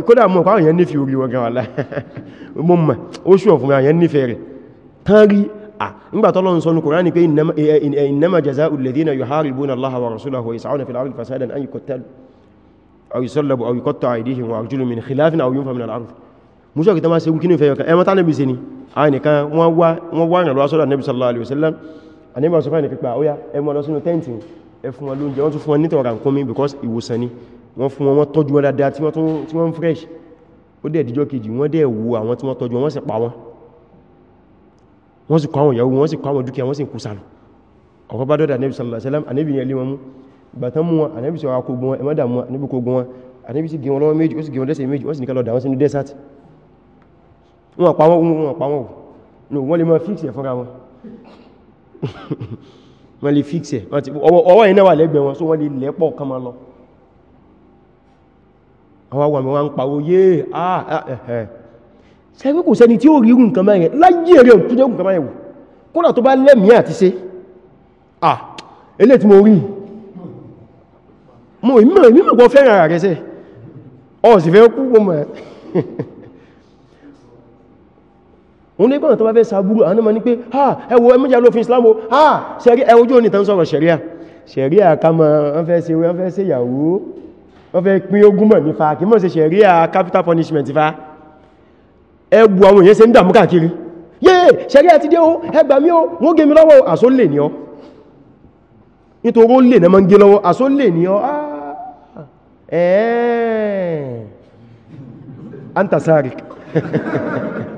kódà mọ̀ pàwọn yẹn nífẹ̀ẹ́ orí wọ́gán wàlá mọ́ mọ̀ ó ṣùọ̀ fún àwọn yẹn nífẹ̀ẹ́ rẹ̀ tán rí à nígbà tọ́lọ́ ń sọ ní Kùránì pé innama jaza'u alladhina yuharibuna Allaha wa rasulahu wa yas'awna fil ardi fasadan an yuqtalu aw yusallabu aw yuqatta'a aydihim wa arjuluhum min khilafin aw yunfaw min al-ardh múṣọ́ kìtà máa ṣe kí ní ìfẹ́ yọkà ẹmọ́ta níbi se ni a nìkan wọ́n wá rìn lọ sọ́dọ̀ Ànábì sallallahu alaihi wasallam Ànábì sọ pípa ó yá ẹmọ́ lọ sínú tẹ́ǹtì ẹ wọn lóúnjẹ wọ́n tún fún wọn nítorà nǹkan mi because ìwòsàn ni wọ́n fún wọn wọ́n tọ́jú wọn dáadáa tí wọ́n fresh ó dẹ̀ díjọ́ kejì wọ́n dẹ̀ wo àwọn tí wọ́n tọ́jú wọn sì pa wọn wọ́n sì kọ́ àwọn ìyàwó wọ́n sì kọ́ àwọn dúkìá wọ́n sì kú sànù ọ̀rọ̀ bá dọ́dà Ànábì sallallahu alaihi wasallam Ànábì yẹn lé wọn mú gbàtán mú wọn wọn pa wọn wọn pa wọn no wọ́n lè máa fix ẹ̀ fúnra wọn wọ́n lè fix ẹ̀ ọwọ́ iná wà lẹ́gbẹ̀ẹ́ wọn so wọ́n lè lẹ́pọ̀ kan máa lọ àwọn àwọn àwọn pàwọ́ yé ààrẹ̀ sẹ́gbẹ́ kò sẹ́ni tí ó rí irú nǹkan báyẹn láyé rẹ̀ tó jẹ́ nǹkan báyẹn wò kódà tó bá lẹ́mí àti ṣe ah elé tí mo rí mo ìmọ̀ ìmọ̀ kò fẹ́ràn rẹ̀ sẹ́ ọ̀ sì fẹ́ kú gbọmọ̀ wọ́n ní gbọ́nà tó bá fẹ́ sàbúrú àwọn ọmọ ní pé ha ẹwọ ẹmújẹ ló fi Islam o ha ẹwọ ojú onítàn sọ̀rọ̀ ṣẹ̀ríà ṣẹ̀ríà kama wọ́n fẹ́ ṣe wọ́n fẹ́ ṣe ìyàwó wọ́n fẹ́ pín ogún mọ̀ nífa kí mọ́ ṣe ṣẹ̀ríà capital punishment fa ẹgbù àwọn èèyàn ṣe ń dàmú káàkiri yé ṣẹ̀ríà ti dé o ẹgbà o wọ́n gé mi lọ́wọ́ àṣó lè ní ọ nítorí ó lè náà gé lọ́wọ́ àṣó lè ní ọ ah, ẹ̀ẹ́ antasarik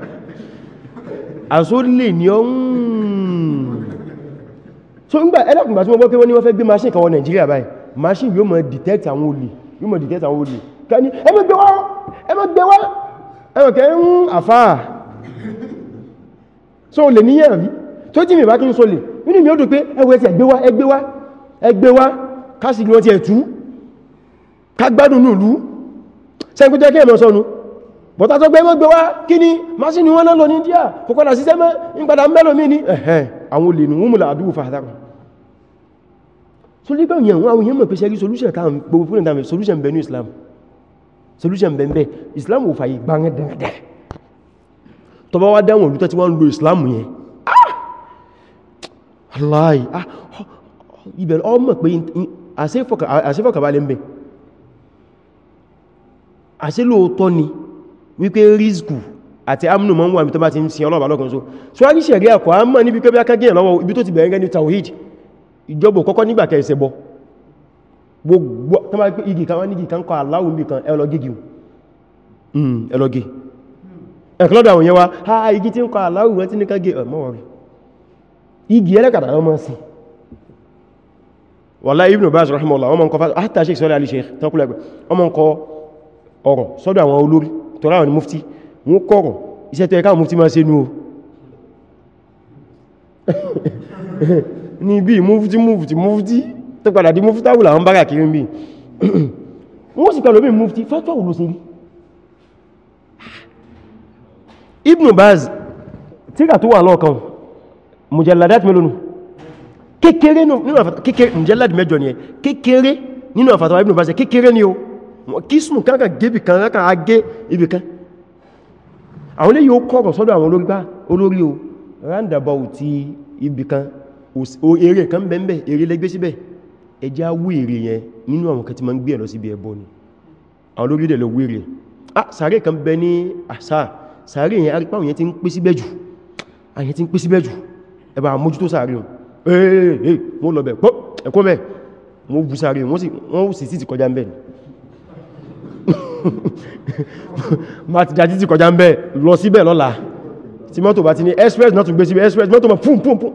àṣó lè ní ọ̀hún so ń gbà ẹlẹ́kùnbà tí wọ́n gbọ́ pé wọ́n ní wọ́n fẹ́ gbé machine kan wọ Nigeria báyìí machine yóò mọ̀ detect àwọn olè yóò mọ̀ detect àwọn olè ká ní ẹmọ gbé wá ẹmọ gbé wá ẹmọ kẹ́ ń àfáà so olè níyàn rí tó jí mi bá kí ń sọlẹ̀ nínú mi ó dùn pé ẹwẹ́ ti ẹgbẹ́ wá ẹgbẹ́ wá bọ́ta tó gbé mọ́ gbé wá kí ni masini wọ́n náà lọ ní díà kò padà sí sẹ́mọ́ ń padà mẹ́lò mí ní ẹ̀hẹ́ àwọn olè nù múlà àdúgbò fàtàkù so solution ta gbogbo fún solution bẹ̀nu Islam solution bẹ̀nbẹ̀ Islam ò fàyè gbáyẹn dáadáa tó bá wá dáwọn olùtọ́ tí wọ́n lo Islam yẹn aláì ibẹ̀rẹ̀ ọmọ pé àṣẹ́fọ̀kàbalẹ̀ ń bẹ̀ àṣẹ́lóòtọ́ ni wípé rízkù àti amnu mọ́ wà mítọ́ bá ti ń sin ọlọ́ọ̀bá lọ́kùn so so a ní ṣẹ̀rí àkọ́ a mọ́ níbi pẹ́bí akágẹ́yàn lọ́wọ́ ibi tó ti bẹ̀rẹ̀ ní tawhid ìjọba kọ́kọ́ nígbà kẹsẹ̀ igi kan wá nígi kan kọ́ aláwọ̀ níbi kan ẹlọ́gígi hmm, ẹlọ́gí ẹ̀kọ́lọ́dọ̀ ha igi tí ń kọ́ aláwọ̀ wọ́n ti ní kágẹ́ ọmọwọ̀rẹ̀ igi ẹlẹ́kàtà ọmọ sí wàlá ibn Baz rahimahullah ọmọ nǹkan fásitì àtàṣe ìsọ́lẹ̀ alìṣẹ́ tọ́kùlẹ̀gbẹ̀ tọ́lá àwọn mufti wọ́n kọ̀rọ̀ iṣẹ́ tó ẹka mufti máa ṣe nú o ní bí mufti mufti mufti tó padà di mufti táwùlà wọ́n bára kiri bí wọ́n sì pẹ̀lú mufti fẹ́tọ́ òlò sí rí ah. Ibn Baz tíra tó wà lọ́ọ̀kan mujalladat mélòó kékeré nínú àfàtàwà Ibn Baz kékeré nínú àfàtàwà Ibn Baz kékeré ni o kísùn kankan gébì kan rákan agé ibì kan àwọn ilé yóò kọ́rọ̀ sọ́dọ̀ àwọn olórí bá olórí o roundabout ibì kan eré kan bẹ́ẹ̀bẹ́ eré lẹ́gbẹ́ síbẹ̀ ẹjá wèrè yẹn nínú àwọn kan tí ma ń gbé ẹ̀ lọ síbi ẹbọ ah sàárè kan bẹ ní àṣà sàárè yẹn arípa òyìn ti ń pé síbẹ̀ jù àyẹn ti ń pé síbẹ̀ jù ẹbà àmójútó sàárè wọn ee ee wọ́n bu sàárè wọ́n sì sí kọjá ń ma ti dájí ti kọjá ń bẹ́ lọ síbẹ̀ lọ́la tí mọ́tò bá ti ní express náà tún gbé síbẹ̀ express mọ́tò ma pùn pùn pùn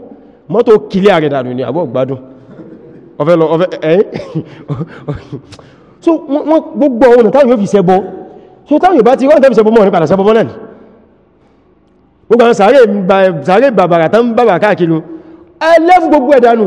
mọ́tò kílé ààrẹ ní àbọ̀ gbádùn ọfẹ́ lọ ọfẹ́ ẹ̀yìn so wọ́n gbogbo ọ̀nà táwọn yóò fi ṣẹbọ so táwọn yóò bá ti rọ́n tẹ́fi ṣẹbọ mọ́ ní padà ṣẹbọ bọ́nà ní gbogbo àwọn sàárè bàbàrà tán bàbà káàkiri ẹlẹ́fù gbogbo ẹ̀dànù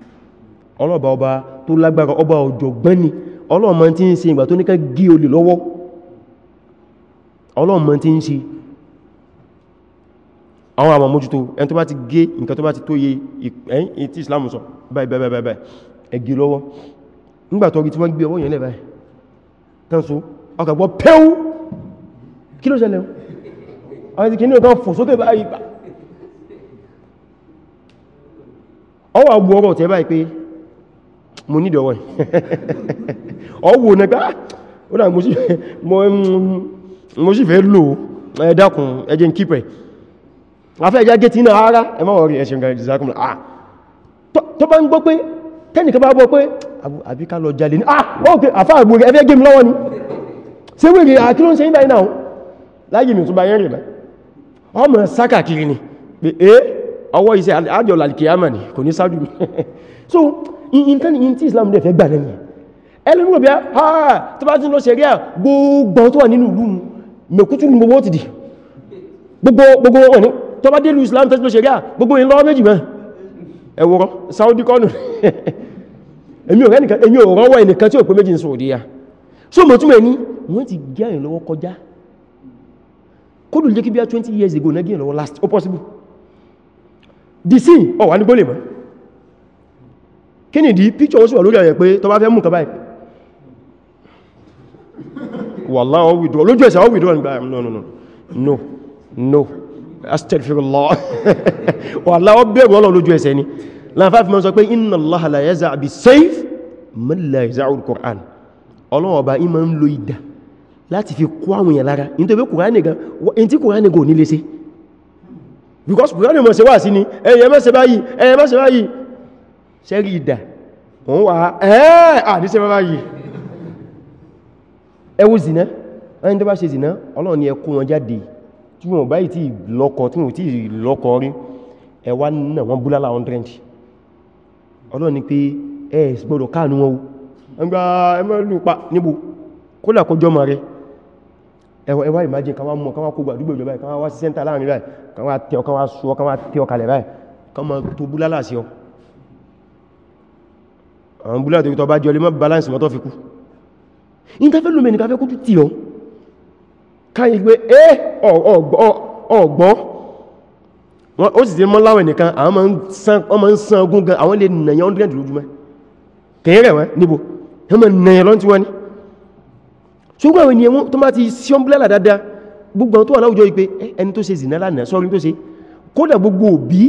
ọlọ́ọ̀bá ọba tó lágbára ọba ọ̀jọ̀gbọ́n ni ọlọ́ọ̀mọ tí ń ṣe ìgbà tó ní ká gé olè lọ́wọ́ ọlọ́ọ̀mọ tí ń ṣe àwọn àmà mójútó ẹni tó bá ti gé nǹkan tó bá ti tó yé ẹ̀yìn tí Islam sọ báyìí báyìí báyìí ẹ gé lọ́wọ́ nígbà tó rí tí mo ní ìdọ̀wọ̀ ọwọ́ nẹgbá ah! ó dà mo sì fẹ́ mm, lò ẹ dákun ẹ jẹ́ n kípẹ̀ afẹ́ ẹjá gẹ́tì iná ara ẹ má wọ̀rí ẹ̀ṣẹ̀ ìgbàlẹ̀ ìzákùnlẹ̀ ah tó bá ń gbọ́ pé tẹ́nìkan bá gbọ́ pé àbí ká lọ jalè ní ah ok àfá ni ṣe wèrè àkí ló ń ṣe ń báyìí náà láyé mi tún ni pé eh ọwọ́ iṣẹ́ àjọ làlìkìyàmà ni kò ní sáájú so ìntẹ́ni in tí Islam dẹ̀ fẹ́ gbà lẹ́yìn ẹlẹ́nu òbí àà tó bá ti lọ ṣẹ̀rí à gbogbo tó wà nínú ìlú mẹ́kútù ní gbogbo ti dì gbogbo wọn ni tó bá dé ìlú Islam tó ti lọ ṣẹ̀rí à gbogbo yìí lọ́wọ́ méjì mẹ́ ẹ̀wọ̀rọ̀ Saudi kọ́nù èmi ọ̀rọ̀ wọ ẹnìkan tí ò pé méjì ní Saudi ya so mọ̀ túnmọ̀ ẹni wọ́n ti gẹ́ àyìn lọ́wọ́ kọjá kódù jẹ́ kí bí i 20 years ago náà gẹ́ àyìn lọ́wọ́ last ó possible the sin ọ̀wà ní gbólè kí ni di picture ó sì wà lórí ẹ̀yẹ̀ pé tó bá fẹ́ mú kàbáì wallahi ó withdraw lójú ẹsẹ̀ ó nígbà no no no no no astaghfirullah wallahi ó bẹ̀rù ọlọ́ lójú ẹsẹ̀ ni láàfáà fi mọ́ sọ pé inna Allaha la yaza' bis-sayf man la yaza'u al-Qur'an ọlọ́wọ́ bá ìmọ̀ ń lo ìdà láti fi kó àwọn èèyàn lára in tó because kùránì mọ̀ sí wà sí ni ẹ̀yẹ mẹ́sẹ̀ báyìí ẹ̀yẹ mẹ́sẹ̀ báyìí sẹ́rí ìdà wọ́n wà ẹ́ẹ̀ àdíṣẹ́ bá yìí ẹwú zìná ẹni tó bá ṣe zìná ọlọ́run ni ẹkú wọn jáde tí wọ́n báyìí tí lọ́kọ tí wọ́n tí lọ́kọ rí ẹwà náà wọ́n búlálà 100 ọlọ́run ni pé ẹ gbọ́dọ̀ káànú wọn ẹgbà ẹmọ́ lùpa níbo kólà kọjọ́ mọ̀ rẹ ẹwà ìmájìn kan wá mọ̀ kan wá kó gbàdúgbò ìjọba kan wá sí sẹ́ntà láàrin báyìí kan wá tẹ́ ọ kan wá sọ kan wá tẹ́ ọ kalẹ̀ báyìí kan mọ̀ tó búlálà sí ọ àwọn búlá tó bá jọ lè mọ́ balance mọ́ tó fi kú ìntafẹ́ lómi ẹnìká fẹ́ kú tí ọ káyí pé ẹ́ ọ̀gbọ́ ó sì ti mọ́ láwẹ̀ nìkan àwọn ma ń san ogún gan àwọn lè nàyàn 100 lójúmọ́ kẹ̀yẹ́rẹ̀ wọ́n níbo wọ́n ma nàyàn lọ́n tí wọ́n ni ṣùgbọ́n àwọn ènìyàn tó bá ti sí ọmọbílá dáadáa gbogbo àwọn tó wà láwùjọ pé ẹni tó ṣe zìnà lánàá sọ́rí tó ṣe kódà gbogbo òbí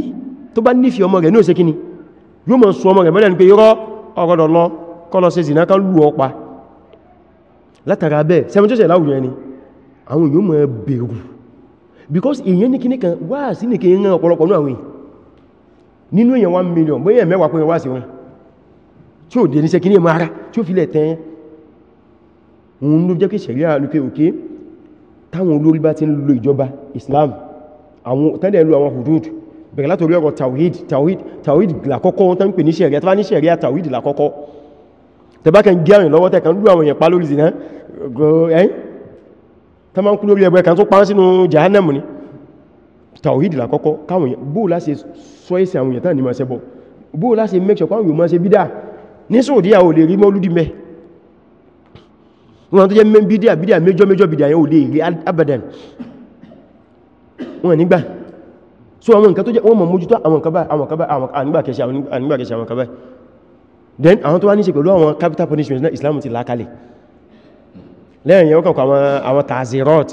tó bá nífẹ̀ẹ́ ọmọ rẹ̀ ní òṣèkíní yóò mọ̀ sọ ọmọ rẹ̀ mọ́lẹ̀ ní pé yọ́rọ́ ọgọ́dọ̀ lọ kọ́lọ sí ìsìnà kan lù ọpa látara bẹ́ẹ̀ sẹ́mi tó ṣẹ̀ láwùjọ ẹni àwọn èèyàn mọ̀ bẹ̀rù because èèyàn ní kíní kan wá sí ní kí ń rán ọ̀pọ̀lọpọ̀ ní àwọn nínú èèyàn 1 million bóyá èèyàn mẹ́wàá pín wá sí wọn tí ò dé ní sẹ́kíní ẹmọ ara tí ó filẹ̀ tẹ́yẹn òun ló jẹ́ kí ṣẹ̀ríà lókè òkè táwọn olórí bá ti ń lo ìjọba Islam àwọn tẹ́lẹ̀ lo àwọn hudud bẹ̀rẹ̀ látorí ọ̀rọ̀ tawhid tawhid tawhid lákọ́kọ́ tán pè ní ṣẹ̀ríà tó bá ní ṣẹ̀ríà tawhid lákọ́kọ́ tẹbákẹ́ ń gẹ́rin lọ́wọ́ tẹ́ kan lú àwọn èèyàn pa lórí zina ẹ̀yìn tó máa ń kú lórí ẹgbẹ́ kan tó pàá sínú jahannam ni tawhid lákọ́kọ́ káwọn èèyàn bó láṣe sọ ẹ̀sẹ̀ àwọn èèyàn tán ní máa ṣẹbọ bó láṣe make sure káwọn èèyàn máa ṣe bídà ní sòdí àwọn olè rí mọ́lúdí mẹ́ wọn tó jẹ́ mẹ́ bídà bídà méjọ méjọ bídà yẹn ò lè rí abadan so àwọn nǹkan tó jẹ́ wọ́n mọ̀ mójútó àwọn nǹkan báyìí àwọn nǹkan báyìí àwọn ànígbàkẹ́ṣẹ́ àwọn nǹkan báyìí then àwọn tó wá ní ṣe pẹ̀lú àwọn capital punishment náà Islam ti lákalẹ̀ lẹ́yìn yẹn ọkàn àwọn tazirot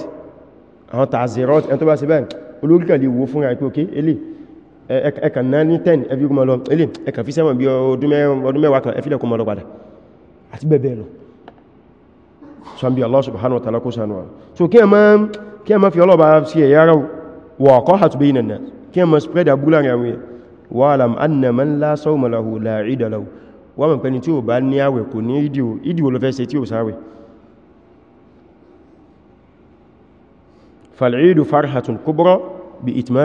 àwọn tazirot ẹn tó bá ṣe bẹ́ẹ̀ olórí kan lè wo fún ra pé ok elé ẹkàn náà ní 10 ẹbí kúmọ lọ elé ẹkàn fi sẹ́wọ̀n bí ọdún mẹ́wàá kan ẹfílẹ̀ kúmọ lọ padà àti bẹ́ẹ̀ lọ sọ́nbí Allah subhanahu wa ta'ala kó sanuwa so kí ẹ má fi ọlọ́ba sí ẹ̀yà ara wọ̀ ọ̀kọ́ hàtúbẹ́ ìnànà kí ẹ mọ̀ spread àbúlà rẹ̀ wa alam anna man la sawma lahu la ida lahu wọ́n mọ̀ pẹ́ni tí ó bá ní àwẹ̀ kò ní ìdíwò ìdíwò ló fẹ́ ṣe tí ó sáwẹ̀ fal'idu farhatun kubra bi bí Allah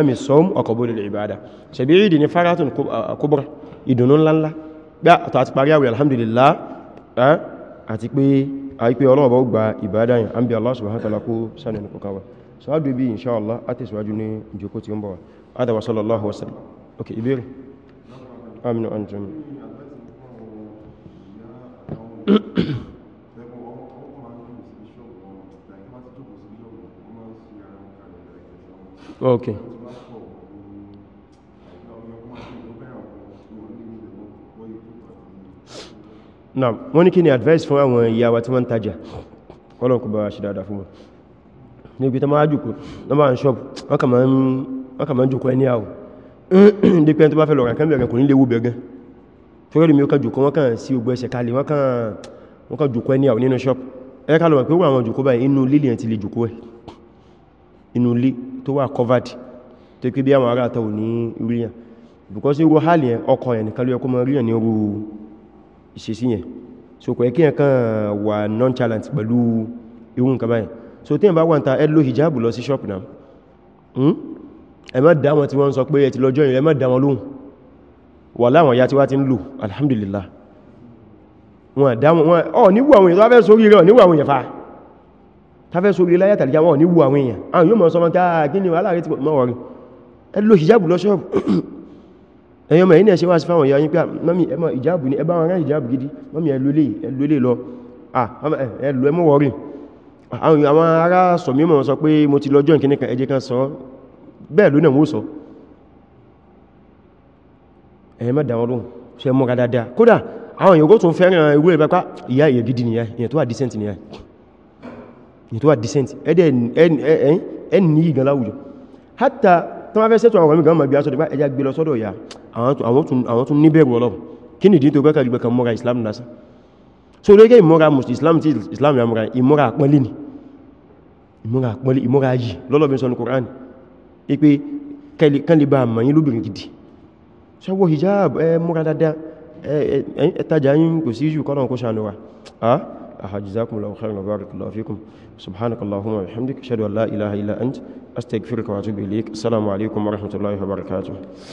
subhanahu wa ta'ala sọ́dọ̀ bí inṣáàlá àti ní ìjókòó tí ó ń bọ̀ هذا وصلى الله وسلم اوكي يبير امن انتم اوكي naam wọ́n ní kí ni advice fún àwọn ìyàwó tí wọ́n ń tajà ọlọ́nkú bá ṣe dáadáa fún wọn ní ibi tó máa jùkú lọ́bàá ń ṣọ́pù wọ́n máa ń wọ́n kà máa ń jòkó ẹni àwọ̀ dípẹ́ tó bá fẹ́ lọ ràn kẹ́mẹ̀rẹ̀ kò ní lè wú bẹ̀gán torí mi ó kà jòkó wọ́n kàn sí ogbó ẹsẹ̀ kalẹ̀ wọ́n kà jòkó ẹni àwọ̀ nínú shop ẹ ká lọ mọ̀ pé wọ́n àwọn jòkó ẹ̀ covered tó pé bí àwọn ará because irú hálì yẹn ọkọ̀ yẹn nìkan ló yẹ kó mọ rí so kò yẹ kí yẹn kàn wà nonchalant pẹ̀lú so tí yẹn bá wà ta ẹ lo hijab lọ sí shop náà hmm? ẹ má dá wọn tí wọ́n sọ pé ẹ ti lọ́jọ́ ìrìn ẹ má wà láwọn ìyá tí wá ti ń lù alhamdulillah wọn dá wọn ọ níwú àwọn èèyàn tó fẹ́ sórí rẹ̀ níwú àwọn èèyàn fa ta fẹ́ sórí láyé ah, ni wàhálà rẹ̀ ti mọ̀ wọ̀rí ẹ lò hijabu lọ ṣọ́ọ̀bù ẹ̀yọ́ mẹ́rin ẹ̀ ṣe wá sí fáwọn ìyá yín pé ah, mọ́mí gidi mọ́mí ẹlúlé lọ ẹlú ẹmọ́ wọ́rí àwọn ará sọ̀mí mọ̀ sọ pé mo ti lọ́jọ́ ìkíníkan ẹjẹ́ kan sọ bẹ́ẹ̀ lónà wó sọ ẹ̀yẹ mẹ́ta wọn lóhun ṣe mọ́ra dáadáa kódà àwọn yòókó tún fẹ́ràn ewé ìpapá ìyá ìyẹ̀ gidi nìyà ìyẹ̀ tó wà decent nìyà ìyẹ̀ tó wà decent ẹni ìgan láwùjọ hátà tó wá fẹ́ sẹ́tọ̀ àwọn ọmọ ìgbà sọ́dọ̀ bá ẹja gbé lọ sọ́dọ̀ ìyà àwọn tún níbẹ̀rù ọlọ́run kí nìdí tó gbẹ́kà gbẹ́kà mọ́ra islam nasa so lóge ìmọ́ra islam tí islam yà mọ́ra ìmọ́ra ni ìmọ́ra àpọ́nlé ìmọ́ra yìí lọ́lọ́bí sọ́nù kòránì ipé kẹ́lìbà mọ̀yí lóbìnrin gidi ṣẹ́wọ́ hijab ẹ múra dada ẹtajà yín kò sí jù kọ́nà kó ṣàánú wa aha jazakumullahu khairan wa barakallahu fikum subhanakallahumma wa bihamdika ashhadu an la ilaha illa ant astaghfiruka wa atubu ilayk assalamu alaikum wa rahmatullahi